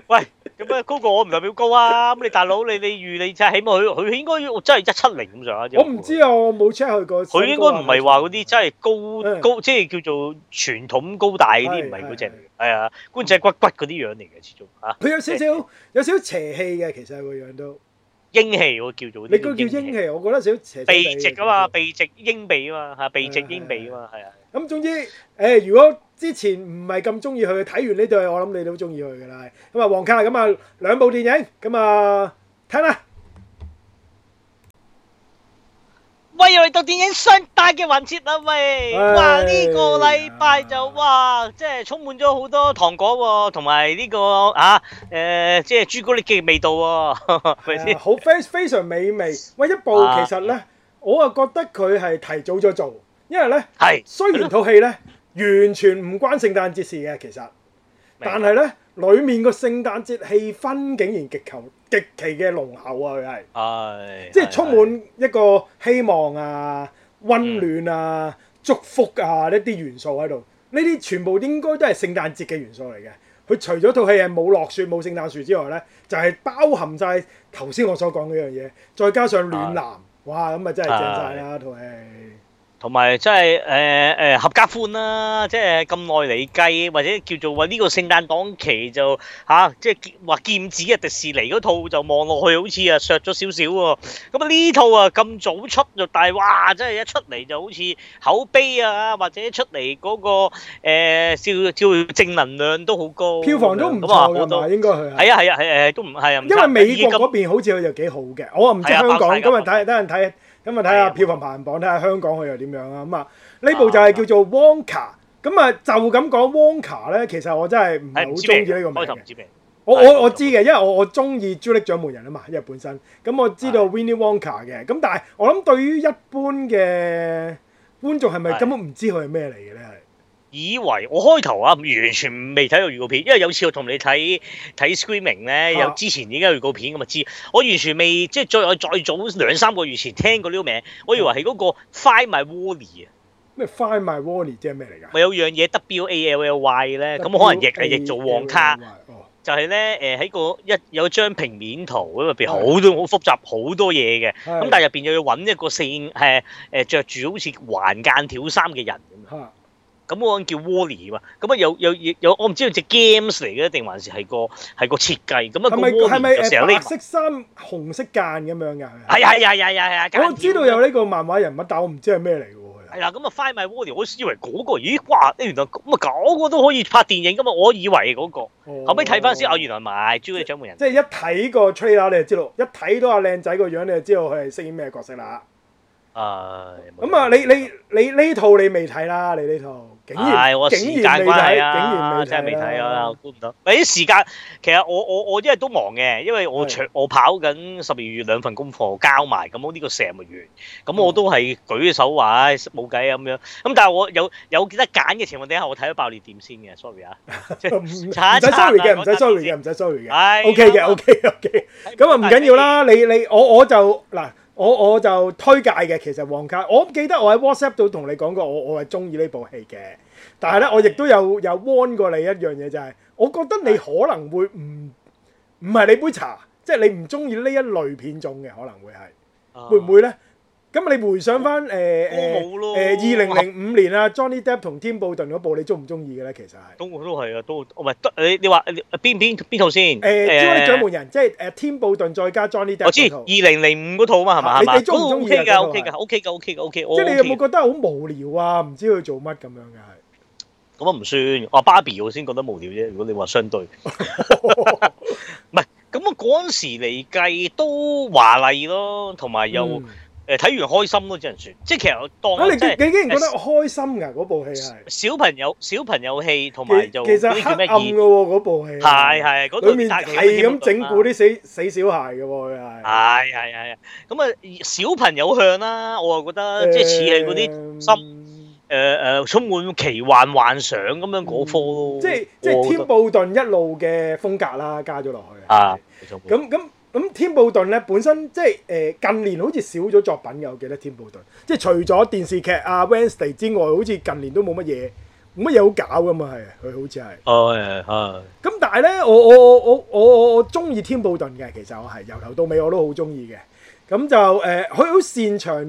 喂！咁啊 [LAUGHS] 高過我唔代表高啊！咁 [LAUGHS] 你大佬，你你預你即係起碼佢佢應該真係一七零咁上下。我唔知啊，我冇 check 佢個身高。佢應該唔係話嗰啲真係高的高，即係叫做傳統高大啲，唔係嗰隻嚟嘅。係啊，官仔的的骨骨嗰啲樣嚟嘅，始終嚇。佢、啊、有少少的有少少邪氣嘅，其實個樣都。英氣我叫做你嗰個叫英氣，我覺得少少邪。鼻直啊嘛，鼻直英鼻啊嘛，嚇，鼻直英鼻啊嘛，係啊。咁總之，誒、呃，如果之前唔係咁中意佢，睇完呢對，我諗你都中意佢㗎啦。咁啊，旺、嗯、卡咁啊，兩部電影咁啊，聽啦。喂，又嚟到電影雙大嘅環節啦！喂，喂哇，呢、這個禮拜就、啊、哇，即係充滿咗好多糖果喎、啊，同埋呢個嚇，誒、啊呃，即係朱古力嘅味道喎、啊，啊、好非非常美味。喂，一部其實咧，啊我啊覺得佢係提早咗做，因為咧，係雖然套戲咧完全唔關聖誕節事嘅，其實，但係咧。裡面個聖誕節氣氛竟然極求極其嘅濃厚啊！佢係，哎、即係充滿一個希望啊、溫暖啊、嗯、祝福啊呢啲元素喺度，呢啲全部應該都係聖誕節嘅元素嚟嘅。佢除咗套戲係冇落雪冇聖誕樹之外咧，就係、是、包含晒頭先我所講嗰樣嘢，再加上暖男，哎、哇！咁啊真係正曬啦套戲。哎同埋即係誒誒合家歡啦，即係咁耐嚟計，或者叫做話呢個聖誕檔期就嚇，即係話劍指啊迪士尼嗰套就望落去好似啊削咗少少喎。咁啊呢套啊咁早出就，但係哇，真係一出嚟就好似口碑啊，或者出嚟嗰個誒，笑笑正能量都好高，票房都唔錯㗎嘛，應該係啊。係啊係啊係誒，都唔係啊。因為美國嗰邊好似又幾好嘅，我唔知香港今日睇得人睇。咁啊，睇下票房排行榜，睇下香港佢又點樣、嗯、啊？咁啊，呢部就係叫做《Wonka》。咁啊，就咁講《Wonka》咧，其實我真係唔係好中意呢個名。我我我知嘅，因為我因為我中意、嗯、朱力掌門人啊嘛，因為本身咁、嗯、我知道 Winnie Wonka 嘅。咁的但係我諗對於一般嘅觀眾係咪根本唔知佢係咩嚟嘅咧？以為我開頭啊，完全未睇過預告片，因為有次我同你睇睇《Screaming》咧，有之前已經有預告片咁啊知。我完全未即係再再早兩三個月前聽過呢個名，我以為係嗰個《Fine My Wally》啊。咩《Fine My Wally》即係咩嚟㗎？咪有樣嘢 W A L L Y 咧，咁可能亦係亦做旺卡，l y, 哦、就係咧誒喺個一有一張平面圖咁入邊，好多好、哎、呀複雜好多嘢嘅，咁、哎、呀但係入邊又要揾一個線誒誒著住好似橫間條衫嘅人。嗯。咁我按叫 Wally 嘛，咁啊有有有我唔知係隻 games 嚟嘅，定還是係個係個設計咁啊個成日呢？係咪白色衫、紅色間咁樣噶？係係係係係係。我知道有呢個漫畫人物，但我唔知係咩嚟嘅佢。係啦，咁啊，Five My Wally，我先以為嗰、那個，咦？哇！原來咁啊，嗰個都可以拍電影噶嘛？我以為嗰、那個，後尾睇翻先，哦，來原來唔係《朱古力掌門人》。即係一睇個 trailer，你就知道；一睇到阿靚仔個樣，你就知道佢係飾演咩角色啦。誒，咁啊，你啊你你呢套你未睇啦？你呢套？係、 [LAUGHS] 哎、我時間關係啊，竟然真係未睇啊，估唔到。誒、啊，時間是，其實我我我因為都忙嘅，因為我我跑緊十二月兩份功課交埋，咁我呢個成個月，咁、嗯、我都係舉咗手話唉冇計啊咁樣。咁但係我有有記得揀嘅情況底下，我睇到爆裂點先嘅，sorry 啊，即唔唔使 sorry 嘅，唔使 sorry 嘅，唔使 sorry 嘅。係。ok 嘅，ok 嘅，ok。咁啊唔緊要啦，你你我我，我就嗱。我我就推介嘅，其實旺卡，我記得我喺 WhatsApp 度同你講過，我我係中意呢部戲嘅。但係咧，我亦都有有 warn 過你一樣嘢，就係我覺得你可能會唔唔係你杯茶，即係你唔中意呢一類片種嘅，可能會係會唔會咧？咁你回想翻誒誒誒二零零五年啊，Johnny Depp 同 Tim Burton 嗰部你中唔中意嘅咧？其實係，都都係啊，都唔係你你話邊邊邊套先？誒，主要咧《掌門人》，即係誒 Tim Burton 再加 Johnny Depp 我知二零零五嗰套啊嘛，係嘛？你你中唔中意？O K 噶，O K 噶，O K 噶，O K。即係你有冇覺得好無聊啊？唔知佢做乜咁樣嘅？咁啊唔算，我 Barbie 我先覺得無聊啫。如果你話相對，唔係咁我嗰陣時嚟計都華麗咯，同埋又。誒睇完開心咯，只能説，即係其實當。啊！你你竟然覺得開心㗎，嗰部戲係？小朋友，小朋友戲，同埋就其實黑暗嘅喎，嗰部戲。係係嗰裏面係咁整蠱啲死死小孩㗎喎？又係。係係係咁啊，小朋友向啦，我又覺得即係似係嗰啲心誒誒充滿奇幻幻想咁樣嗰科咯。即係即係《添布頓》一路嘅風格啦，加咗落去。啊！咁咁。咁、嗯、添布頓咧本身即係誒、呃、近年好似少咗作品嘅，我記得添布頓，即係除咗電視劇啊《Wednesday》之外，好似近年都冇乜嘢，冇乜嘢好搞㗎嘛！佢好似係哦，咁、oh, yeah , yeah. 但係咧，我我我我我我中意添布頓嘅，其實我係由頭到尾我都好中意嘅。咁、嗯、就誒，佢、呃、好擅長誒誒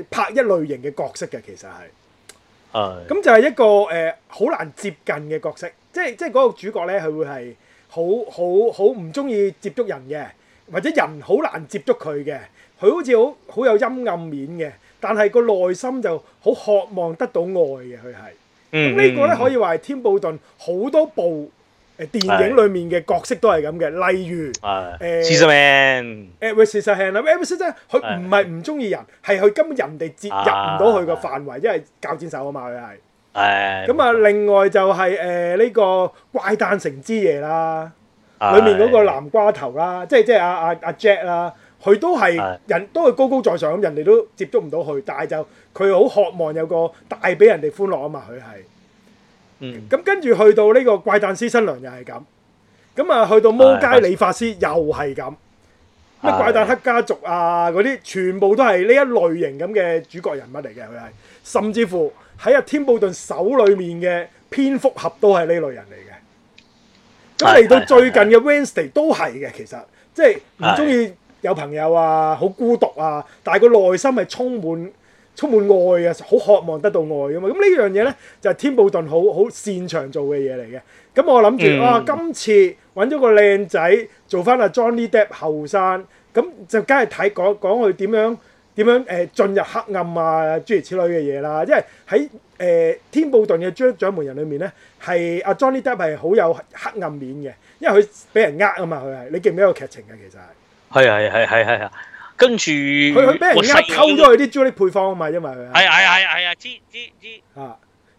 誒拍一類型嘅角色嘅，其實係。係。咁就係一個誒好、呃、難接近嘅角色，即係即係嗰個主角咧，佢會係。好好好唔中意接觸人嘅，或者人好難接觸佢嘅，佢好似好好有陰暗面嘅，但係個內心就好渴望得到愛嘅，佢係咁。呢個咧可以話係添布頓好多部誒電影裡面嘅角色都係咁嘅，例如誒。Citizen 誒，Citizen 啊，Emerson 咧，佢唔係唔中意人，係佢根本人哋接入唔到佢個範圍，因為剪刀手啊嘛，佢係。咁啊！另外就係誒呢個怪誕城之夜啦，的裡面嗰個南瓜頭啦，即係即係阿阿阿 Jack 啦，佢都係人，的都係高高在上咁，人哋都接觸唔到佢，但係就佢好渴望有個帶俾人哋歡樂啊嘛，佢係。咁、嗯、跟住去到呢個怪誕屍新娘又係咁，咁啊去到魔街理髮師又係咁，咩的怪誕黑家族啊嗰啲，全部都係呢一類型咁嘅主角人物嚟嘅，佢係甚至乎。喺阿天布頓手裏面嘅蝙蝠俠都係呢類人嚟嘅，咁嚟的到最近嘅 Wednesday 都係嘅，其實即係唔中意有朋友啊，好孤獨啊，但係個內心係充滿充滿愛啊，好渴望得到愛㗎嘛。咁呢樣嘢咧就係、是、天布頓好好擅長做嘅嘢嚟嘅。咁我諗住、嗯、啊，今次揾咗個靚仔做返阿 Johnny Depp 後生，咁就梗係睇講講佢點樣。點樣誒進入黑暗啊？諸如此類嘅嘢啦，因為喺誒、呃、天布頓嘅朱古力掌門人裏面咧，係阿 Johnny Depp 係好有黑暗面嘅，因為佢俾人呃啊嘛，佢係你記唔記得個劇情啊？其實係係係係係啊，跟住佢佢俾人呃洗偷咗佢啲朱古力配方啊嘛，因為係啊，係係係啊，知知知啊。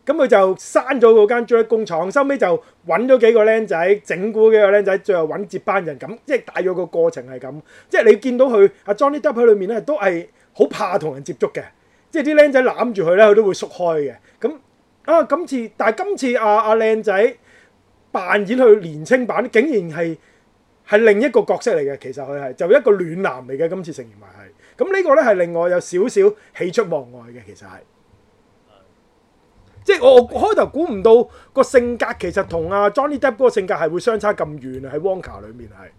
咁佢、嗯、就刪咗嗰間 j 工廠，收尾就揾咗幾個僆仔，整蠱幾個僆仔，最後揾接班人。咁即係大約個過程係咁。即係你見到佢阿 Johnny Depp 喺裏面咧，都係好怕同人接觸嘅。即係啲僆仔攬住佢咧，佢都會縮開嘅。咁、嗯、啊，今次但係今次阿阿靚仔扮演佢年青版，竟然係係另一個角色嚟嘅。其實佢係就一個暖男嚟嘅。今次呈現埋係咁，呢個咧係令我有少少喜出望外嘅。其實係。即係我開頭估唔到個性格其實同阿 Johnny Depp 嗰個性格係會相差咁遠啊！喺 Wonka 裏面係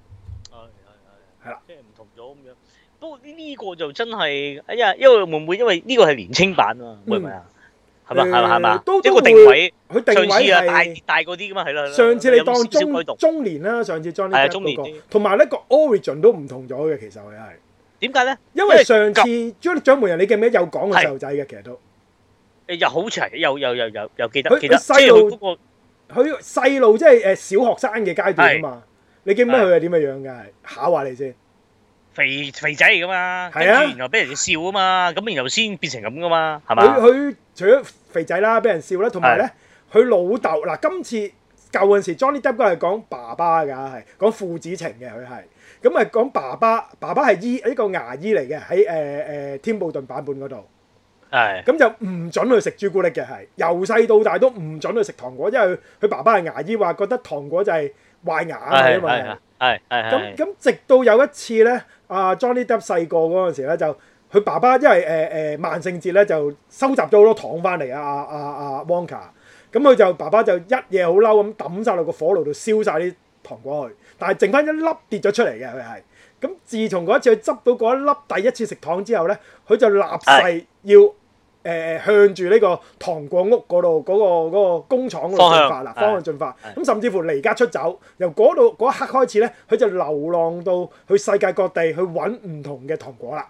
係係係啦，唔同咗咁樣。不過呢個就真係哎呀，因為會唔會因為呢個係年青版啊？係咪啊？係咪係咪係咪？即係個定位，佢定位係大大嗰啲噶嘛。係啦，上次你當中中年啦，上次 Johnny Depp 係中年，同埋呢個 Origin 都唔同咗嘅。其實佢係點解咧？因為上次 Johnny 掌門人，你記唔記得有講過細路仔嘅，其實都。又好長，又又又又又記得記得。即係佢嗰個，佢細路即係誒小學生嘅階段啊嘛。你記唔記得佢係點樣樣嘅？考下你先。肥肥仔嚟噶嘛？係啊，然後俾人笑啊嘛。咁然後先變成咁噶嘛？係嘛？佢佢除咗肥仔啦，俾人笑啦，同埋咧，佢老豆嗱，今次舊陣時 Johnny Depp 都係講爸爸噶，係講父子情嘅佢係。咁啊講爸爸，爸爸係醫呢個牙醫嚟嘅，喺誒誒天布頓版本嗰度。係咁就唔準去食朱古力嘅，係由細到大都唔準去食糖果，因為佢爸爸係牙醫，話覺得糖果就係壞牙嘅嘛。係係係。咁咁的的直到有一次咧，阿、啊、Johnny Depp 細個嗰時咧，就佢爸爸因為誒誒萬聖節咧就收集咗好多糖翻嚟啊啊啊！Wonka，咁佢就爸爸就一嘢好嬲咁抌晒落個火爐度燒晒啲糖果去，但係剩翻一粒跌咗出嚟嘅佢係。咁自從嗰一次佢執到嗰一粒第一次食糖之後咧，佢就立誓要。誒、呃、向住呢個糖果屋嗰度嗰個嗰、嗰個工廠進化啦，方向，方向進化咁，嗯、甚至乎離家出走，由嗰度嗰一刻開始咧，佢就流浪到去世界各地去揾唔同嘅糖果啦。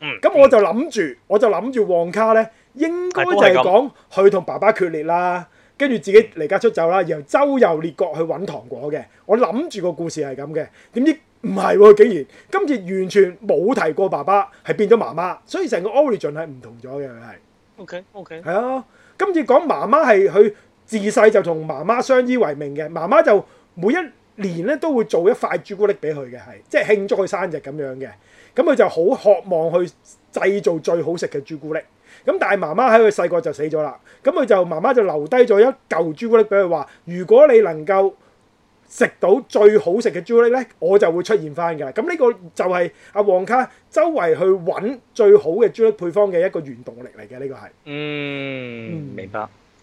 嗯，咁我就諗住、嗯，我就諗住旺卡咧，應該就係講佢同爸爸決裂啦，跟住自己離家出走啦，然後周遊列國去揾糖果嘅。我諗住個故事係咁嘅，點知？唔係喎，竟然今次完全冇提過爸爸，係變咗媽媽，所以成個 origin 係唔同咗嘅係。OK OK，係啊，今次講媽媽係佢自細就同媽媽相依為命嘅，媽媽就每一年咧都會做一塊朱古力俾佢嘅，係即係慶祝佢生日咁樣嘅。咁佢就好渴望去製造最好食嘅朱古力。咁但係媽媽喺佢細個就死咗啦。咁佢就媽媽就留低咗一嚿朱古力俾佢話：如果你能夠食到最好食嘅朱古力咧，我就會出現翻㗎啦。咁呢個就係阿旺卡周圍去揾最好嘅朱古力配方嘅一個原動力嚟嘅。呢、呢個係嗯，嗯明白。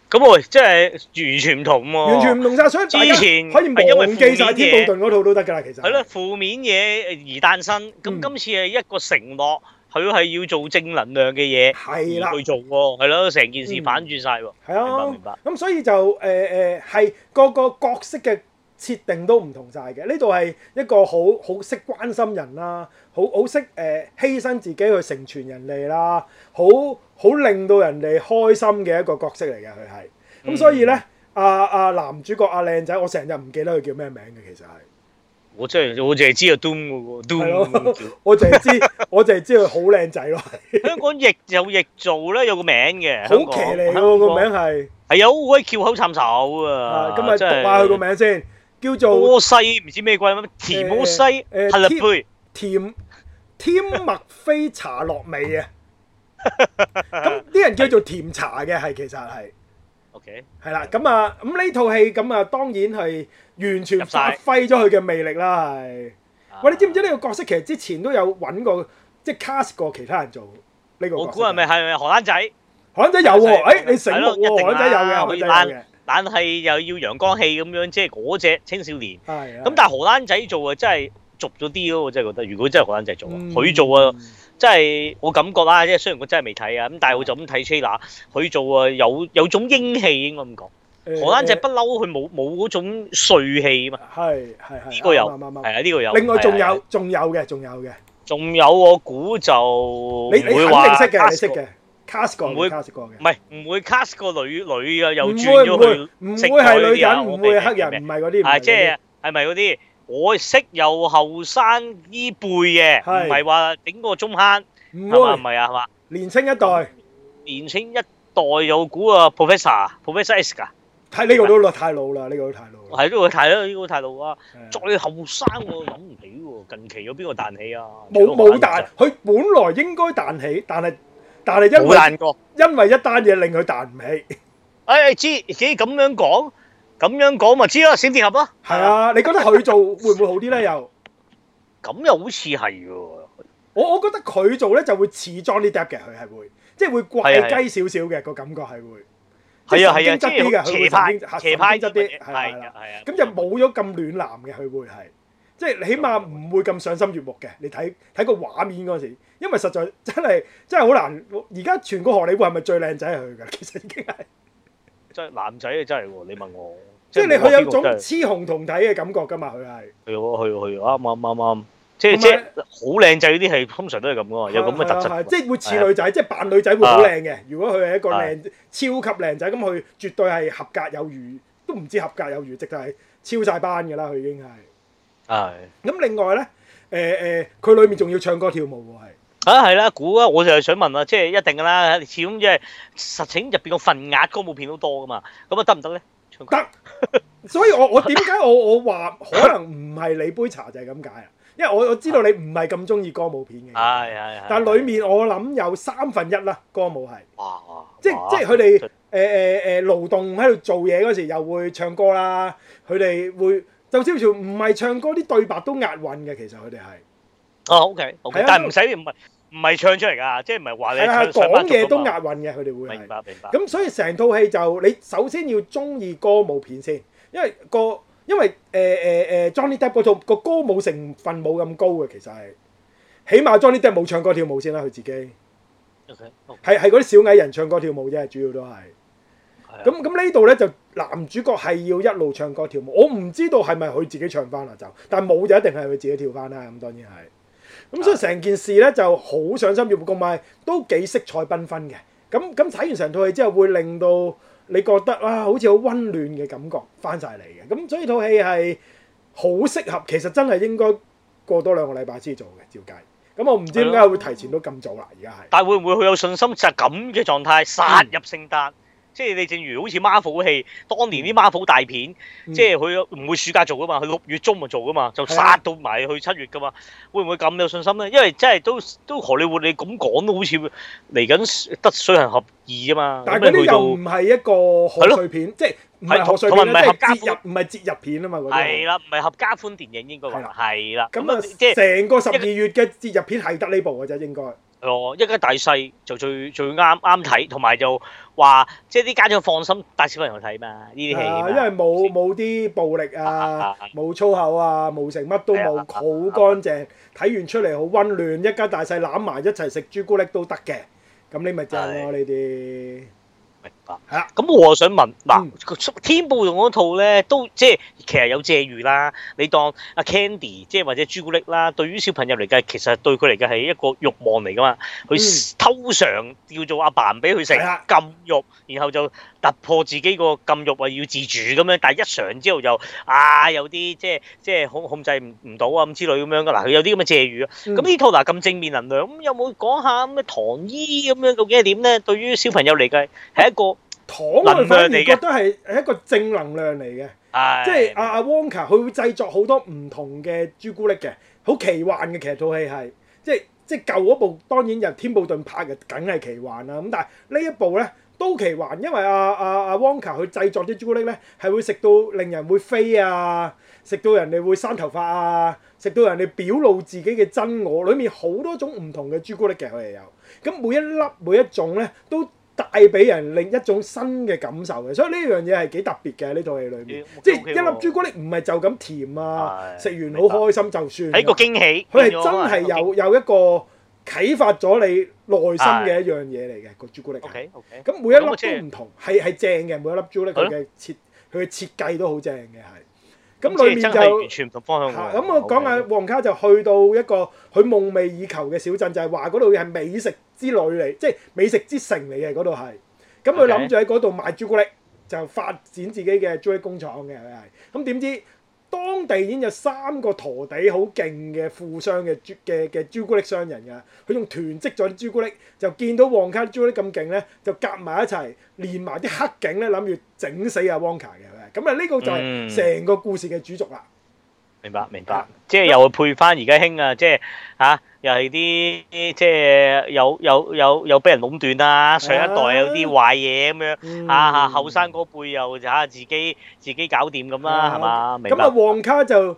咁我即係完全唔同喎，完全唔同晒，啊。所以，以之前因為可以唔忘記曬啲添布頓嗰套都得㗎。其實係咯，負面嘢而誕生。咁今次係一個承諾，佢係、嗯、要做正能量嘅嘢，係啦、嗯，去做喎，係咯，成件事反轉晒喎。係啊、嗯，明白。咁白所以就誒誒係各個角色嘅。設定都唔同曬嘅，呢度係一個好好識關心人啦，好好識誒犧牲自己去成全人哋啦，好好令到人哋開心嘅一個角色嚟嘅，佢係咁，所以咧阿阿男主角阿靚仔，我成日唔記得佢叫咩名嘅，其實係我真係我淨係知阿 Dune 嘅喎，Dune，我淨係知我淨係知佢好靚仔咯。香港亦有亦做咧，有個名嘅好騎呢個個名係係啊，我係翹口插手啊！今日讀下佢個名先。叫做烏西唔知咩鬼乜，甜烏西，係啦配甜，甜麥啡茶落味啊！咁啲人叫做甜茶嘅係，其實係，OK，係啦，咁啊，咁呢套戲咁啊，當然係完全發揮咗佢嘅魅力啦，係。喂，你知唔知呢個角色其實之前都有揾過，即係 cast 過其他人做呢個？我估係咪係咪荷蘭仔？荷蘭仔有喎，誒，你醒目喎，荷蘭仔有嘅，荷蘭仔有嘅。但係又要陽光氣咁樣，即係嗰隻青少年。係。咁但係荷蘭仔做啊，真係俗咗啲咯，我真係覺得。如果真係荷蘭仔做，佢、嗯、做啊，真係我感覺啦。即係雖然我真係未睇啊，咁但係我就咁睇 Chalamet 佢做啊有有種英氣應該咁講。荷蘭仔不嬲，佢冇冇嗰種帥氣啊嘛。係係係。呢個有。係啊，呢個有。另外仲有仲有嘅，仲有嘅。仲有我估就唔會話你你肯定識嘅，你識嘅。cast 過唔會 cast 過嘅，唔係唔會 cast 個女女嘅又轉咗去，唔會係女人，唔會係黑人，唔係嗰啲。係即係係咪嗰啲？我識又後生啲輩嘅，唔係話頂個中坑，唔會唔係啊，係嘛？年青一代，年青一代有股啊，professor professor 噶，睇呢個都太老啦，呢個都太老，係呢個太啦，呢個太老啊，再後生我諗唔起喎。近期有邊個彈起啊？冇冇彈，佢本來應該彈起，但係。但係因為因為一單嘢令佢彈唔起。誒知，自己咁樣講，咁樣講咪知咯，閃電俠咯。係啊，你覺得佢做會唔會好啲咧？又咁又好似係喎。我我覺得佢做咧就會似 Johnny Depp 嘅，佢係會，即係會怪雞少少嘅個感覺係會。係啊係啊，即係邪派，邪派質啲。係啊係啊，咁就冇咗咁暖男嘅，佢會係，即係你起碼唔會咁賞心悅目嘅，你睇睇個畫面嗰陣時。因為實在真係真係好難，而家全個荷里活係咪最靚仔係佢嘅？其實已經係真係男仔真係喎！你問我，即係你佢有種雌雄同體嘅感覺㗎嘛？佢係，係喎，係，啱啱啱啱，即係即係好靚仔呢啲係通常都係咁㗎，有咁嘅特質，即係會似女仔，即係扮女仔會好靚嘅。如果佢係一個靚超級靚仔，咁佢絕對係合格有餘，都唔知合格有餘，直頭係超晒班㗎啦！佢已經係係。咁另外咧，誒誒，佢裏面仲要唱歌跳舞喎，係。啊，係啦，估啊！我就係想問啊，即係一定噶啦，始終即係實情入邊個份額歌舞片都多噶嘛，咁啊得唔得咧？唱歌？得，所以我我點解我我話可能唔係你杯茶就係咁解啊？因為我我知道你唔係咁中意歌舞片嘅，係係。但係裡面我諗有三分一啦，歌舞係。哇哇、啊！啊、即、啊、即係佢哋誒誒誒勞動喺度做嘢嗰時又會唱歌啦，佢哋會就算唔係唱歌，啲對白都押韻嘅，其實佢哋係。哦，OK，但係唔使，唔係唔係唱出嚟噶，即係唔係話你係講嘢，都押韻嘅，佢哋會明白明白。咁所以成套戲，就你首先要中意歌舞片先，因為個因為誒誒誒 Johnny Depp 嗰套個歌舞成分冇咁高嘅，其實係起碼 Johnny Depp 冇唱歌跳舞先啦，佢自己 OK OK 係係嗰啲小矮人唱歌跳舞啫，主要都係咁。咁呢度咧，就男主角係要一路唱歌跳舞，我唔知道係咪佢自己唱翻啦就，但係冇就一定係佢自己跳翻啦，咁當然係。咁所以成件事咧就好上心，要同埋都幾色彩繽紛嘅。咁咁睇完成套戲之後，會令到你覺得啊，好似好溫暖嘅感覺翻晒嚟嘅。咁所以套戲係好適合，其實真係應該過多兩個禮拜先做嘅，照計咁我唔知點解會提前到咁早啦，而家係，但係會唔會好有信心就係咁嘅狀態殺入聖誕。嗯即係你，正如好似 Marvel 戲，當年啲 Marvel 大片，即係佢唔會暑假做噶嘛，佢六月中就做噶嘛，就殺到埋去七月噶嘛。會唔會咁有信心咧？因為真係都都荷里活，你咁講都好似嚟緊得水行合意啊嘛。但係嗰啲又唔係一個賀歲片，即係唔係賀歲同埋唔係節日，唔係節日片啊嘛。係啦，唔係合家歡電影應該話係啦。咁啊，即係成個十二月嘅節日片係得呢部嘅啫，應該。哦、一家大細就最最啱啱睇，同埋就話即係啲家長放心帶小朋友睇嘛，呢啲戲、啊。因為冇冇啲暴力啊，冇、啊啊啊、粗口啊，冇成乜都冇，好、啊啊啊、乾淨。睇完出嚟好溫暖，啊啊啊、一家大細攬埋一齊食朱古力都得嘅。咁你咪正咯呢啲。啊的啊！咁、嗯、我又想問嗱，天寶用嗰套咧，都即係其實有借喻啦。你當阿 Candy 即係或者朱古力啦，對於小朋友嚟計，其實對佢嚟計係一個欲望嚟噶嘛，佢偷常叫做阿爸唔俾佢食，的禁肉，然後就。突破自己個禁慾或要自主咁樣，但係一嘗之後就啊有啲即係即係控控制唔唔到啊咁之類咁樣噶。嗱、嗯，佢有啲咁嘅借喻啊。咁呢套嗱咁正面能量，咁有冇講下咁嘅糖衣咁樣，究竟係點咧？對於小朋友嚟計係一個糖能量嚟嘅，覺得係係一個正能量嚟嘅。即係阿阿 Wonka 佢會製作好多唔同嘅朱古力嘅，好奇幻嘅。其實套戲係即係即係舊嗰部，當然就添布頓拍嘅，梗係奇幻啦。咁但係呢一部咧。高奇環，因為阿阿阿旺卡去製作啲朱古力咧，係會食到令人會飛啊，食到人哋會生頭髮啊，食到人哋表露自己嘅真我，裏面好多種唔同嘅朱古力嘅，佢哋有。咁每一粒每一種咧，都帶俾人另一種新嘅感受嘅，所以呢樣嘢係幾特別嘅呢套嘢裏面，欸、okay, okay。即係一粒朱古力唔係就咁甜啊，食的完好開心就算，係個驚喜，佢係真係有一有，有一個。啟發咗你內心嘅一樣嘢嚟嘅個朱古力，咁 Okay, okay. 每一粒都唔同，係係、嗯、正嘅。每一粒朱古力佢嘅設佢嘅、嗯、設計都好正嘅，係。咁裏面就完全唔同方向。咁、嗯、我講下旺卡就去到一個佢夢寐以求嘅小鎮，就係話嗰度係美食之旅嚟，即、就、係、是、美食之城嚟嘅嗰度係。咁佢諗住喺嗰度賣朱古力，就發展自己嘅朱古力工廠嘅係。咁點知？當地已經有三個陀地好勁嘅富商嘅朱嘅嘅朱古力商人㗎，佢仲囤積咗啲朱古力，就見到旺卡朱古力咁勁咧，就夾埋一齊，連埋啲黑警咧，諗住整死阿旺卡嘅，咁啊呢個就係成個故事嘅主軸啦。明白，明白，即係又會配翻而家興啊！即係吓，又係啲即係有有有有俾人壟斷啦。上一代有啲壞嘢咁樣，吓吓後生嗰輩又吓自己自己搞掂咁啦，係嘛？咁啊，旺卡就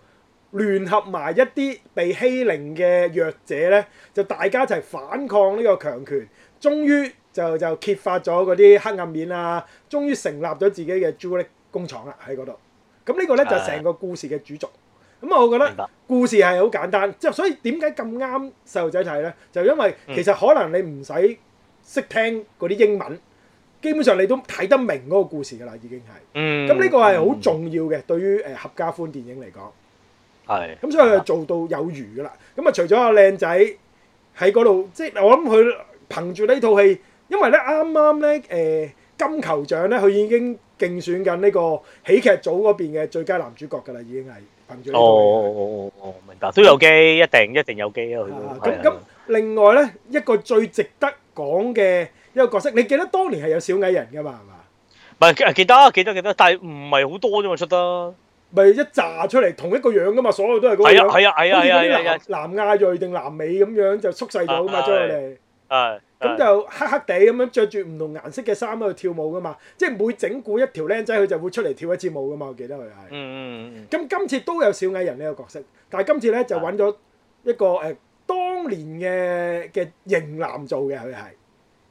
聯合埋一啲被欺凌嘅弱者咧，就大家一齊反抗呢個強權，終於就就揭發咗嗰啲黑暗面啊，終於成立咗自己嘅朱古力工廠啦，喺嗰度。咁呢個咧就成個故事嘅主軸。咁啊，我覺得故事係好簡單，即係所以點解咁啱細路仔睇呢？就因為其實可能你唔使識聽嗰啲英文，基本上你都睇得明嗰個故事㗎喇，已經係。咁呢、嗯、個係好重要嘅，嗯、對於合家歡電影嚟講。咁是所以佢就做到有餘㗎喇。咁啊的，除咗阿靚仔喺嗰度，即、就、係、是、我諗佢憑住呢套戲，因為呢啱啱呢誒、呃、金球獎呢，佢已經競選緊呢個喜劇組嗰邊嘅最佳男主角㗎喇，已經係。哦，明白，都有機，一定一定有機啊！咁咁，另外咧，一個最值得講嘅一個角色，你記得當年係有小矮人㗎嘛？係嘛？唔係記得，記得，記得，但係唔係好多啫嘛，出得咪一紮出嚟，同一個樣㗎嘛，所有都係嗰樣，係啊，係啊，係啊，好似啲南亞裔定南美咁樣就縮細咗㗎嘛，將佢哋係。咁就黑黑地咁樣著住唔同顏色嘅衫喺度跳舞噶嘛，即係每整蠱一條僆仔，佢就會出嚟跳一次舞噶嘛。我記得佢係。嗯嗯嗯。咁今次都有小矮人呢個角色，但係今次咧就揾咗一個誒，當年嘅嘅型男做嘅，佢係。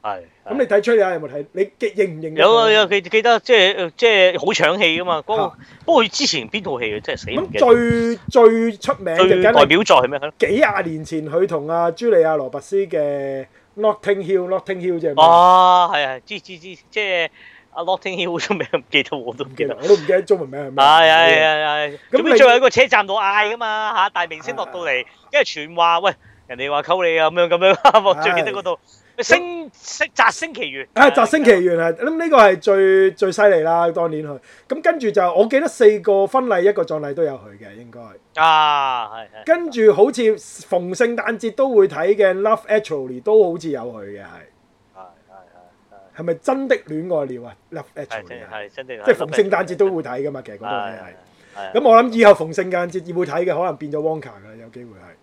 係。咁你睇出嚟有冇睇？你記認唔認？有啊，有記記得，即係即係好搶戲噶嘛。不過不過之前邊套戲啊？真係死唔記得。最最出名嘅代表作係咩咧？幾廿年前佢同阿茱莉亞羅拔絲嘅。Notting Hill，Notting Hill 啫。哦，係啊，知知即即阿 Notting Hill 做咩唔記得？我都唔記得，我都唔記得中文名係咩。係係係係。咁、哎、你最後喺個車站度嗌㗎嘛嚇，大明星落到嚟，跟住、哎、傳話喂，人哋話溝你啊咁樣咁樣，我最記得嗰度。哎星星摘星奇緣，啊摘星奇緣係咁呢個係最最犀利啦！當年佢咁跟住就，我記得四個婚禮一個葬禮都有佢嘅應該啊係係跟住好似逢聖誕節都會睇嘅 Love Actually 都好似有佢嘅係啊係係係係咪真的戀愛了啊 Love Actually 即係逢聖誕節都會睇噶嘛其實嗰套係咁我諗以後逢聖誕節會睇嘅可能變咗 Wonka 噶有機會係。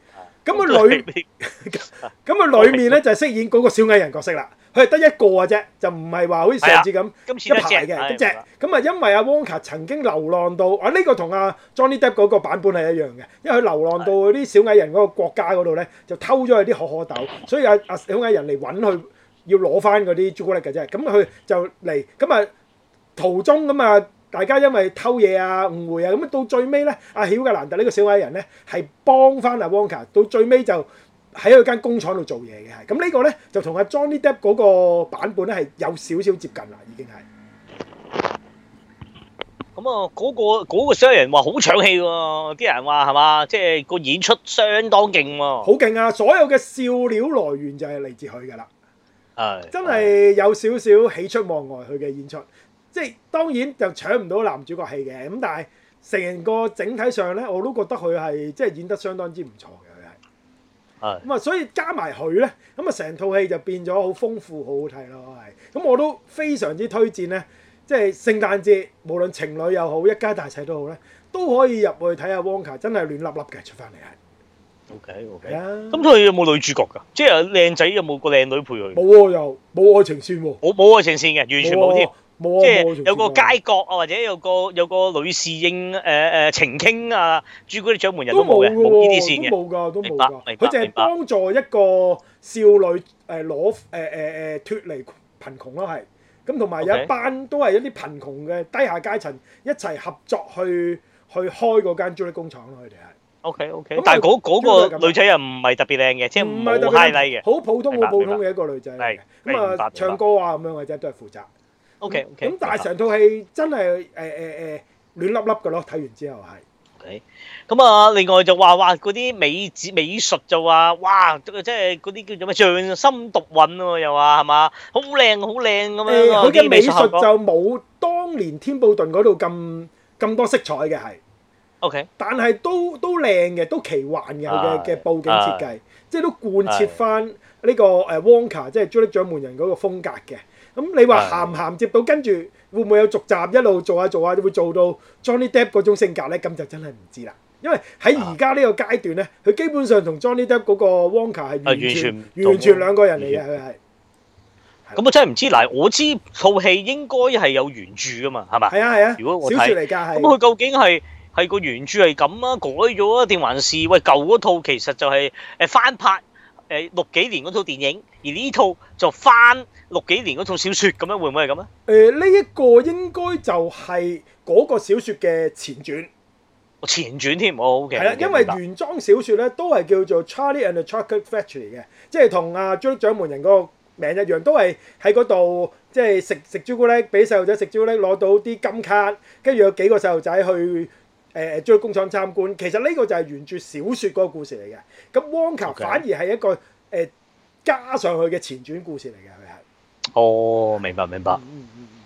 咁佢裏，咁佢裏面咧就係飾演嗰個小矮人角色啦。佢係得一個嘅啫，就唔係話好似上次咁一排嘅一隻。咁啊，因為阿 Wonka 曾經流浪到啊，呢個同阿 Johnny Depp 嗰個版本係一樣嘅，因為佢流浪到啲小矮人嗰個國家嗰度咧，就偷咗佢啲可可豆，所以阿阿小矮人嚟揾佢，要攞翻嗰啲朱古力嘅啫。咁佢就嚟，咁啊途中咁啊。大家因為偷嘢啊、誤會啊，咁到最尾咧，阿、啊、曉格蘭特呢個小矮人咧係幫翻阿、啊、Wonka，到最尾就喺佢間工廠度做嘢嘅係。咁呢個咧就同阿 Johnny Depp 嗰個版本咧係有少少接近啦，已經係。咁、嗯那個那個、啊，嗰個嗰個小矮人話好搶戲喎，啲人話係嘛，即、就、係、是、個演出相當勁喎、啊。好勁啊！所有嘅笑料來源就係嚟自佢噶啦，係的真係有少少喜出望外佢嘅演出。即係當然就搶唔到男主角戲嘅，咁但係成個整體上咧，我都覺得佢係即係演得相當之唔錯嘅，佢係。係。咁啊，所以加埋佢咧，咁啊，成套戲就變咗好豐富，好好睇咯，係。咁、嗯、我都非常之推薦咧，即係聖誕節，無論情侶又好，一家大細都好咧，都可以入去睇下《旺卡》，真係亂粒粒嘅出翻嚟係。O K O K。啊。咁佢有冇女主角㗎？即係靚仔有冇個靚女陪佢？冇喎、啊，又冇愛、啊、愛情線喎。冇愛情線嘅，完全冇添。即係有個街角啊，或者有個有個女侍應誒誒情傾啊，朱古力獎門人都冇嘅，冇呢啲線嘅。明白，佢淨係幫助一個少女誒攞誒誒誒脫離貧窮咯，係咁，同埋有一班都係一啲貧窮嘅低下階層一齊合作去去開嗰間朱古力工廠咯，佢哋係。O K O K。咁但係嗰嗰個女仔又唔係特別靚嘅，即係唔係特別 high 拉嘅，好普通好普通嘅一個女仔。係咁啊，唱歌啊咁樣嘅啫，都係負責。O K，咁但係成套戲真係誒誒誒暖粒粒嘅咯，睇完之後係。O K，咁啊，另外就話哇，嗰啲美子美術就話哇，即係嗰啲叫做咩匠心獨運喎，又話係嘛，好靚好靚咁樣。佢嘅、呃、美，美術就冇當年《添布頓》嗰度咁咁多色彩嘅係。O Okay . K，但係都都靚嘅，都奇幻嘅嘅嘅佈景設計，即係都貫徹翻呢個誒 Wonka、er, 即係《朱古力獎門人》嗰個風格嘅。咁你話銜唔銜接到，跟住會唔會有續集一路做下做下，會做到 Johnny Depp 嗰種性格咧？咁就真係唔知啦。因為喺而家呢個階段咧，佢基本上同 Johnny Depp 嗰個 Wonka 係完全完全兩個人嚟嘅，係。咁我真係唔知。嗱，我知套戲應該係有原著噶嘛，係嘛？係啊係啊。如果我睇，小說嚟㗎，係。咁佢究竟係係個原著係咁啊，改咗啊，定還是喂舊嗰套其實就係誒翻拍？誒六幾年嗰套電影，而呢套就翻六幾年嗰套小説咁樣，會唔會係咁啊？誒呢、呃、一個應該就係嗰個小説嘅前傳、哦，前傳添，唔好嘅。係、okay，啦，因為原裝小説咧都係叫做 Charlie and the Chocolate Factory 嘅，即係同阿朱古力獎門人嗰個名一樣，都係喺嗰度即係食食朱古力，俾細路仔食朱古力，攞到啲金卡，跟住有幾個細路仔去。誒，去工廠參觀，其實呢個就係原著小說嗰個故事嚟嘅。咁旺卡反而係一個誒加上去嘅前傳故事嚟嘅，係咪？哦，明白明白，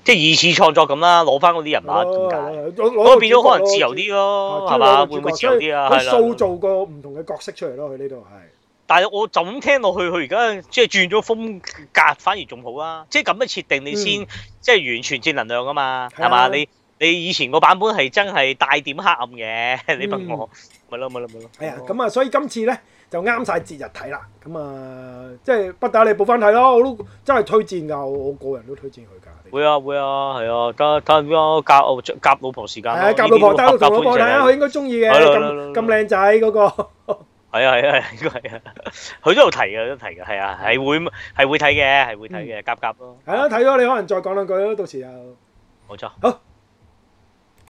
即係二次創作咁啦，攞翻嗰啲人物點解？咁變咗可能自由啲咯，係嘛？會唔會自由啲啊？係啦。佢塑造個唔同嘅角色出嚟咯，佢呢度係。但係我就咁聽落去，佢而家即係轉咗風格，反而仲好啊！即係咁嘅設定，你先即係完全正能量㗎嘛，係嘛？你。你以前個版本係真係帶點黑暗嘅，你問我咪咯咪咯咪咯。係啊，咁啊，所以今次咧就啱晒節日睇啦。咁啊，即係不打你補翻睇咯。我都真係推薦噶，我我個人都推薦佢噶。會啊會啊係啊，得等下點啊，夾夾老婆時間。係啊，夾老婆，夾老婆，睇下佢應該中意嘅。咁咁靚仔嗰個。係啊係啊係啊係啊，佢都度提嘅，都提嘅，係啊係會係會睇嘅係會睇嘅，夾夾咯。係啊，睇咗你可能再講兩句咯，到時又冇錯好。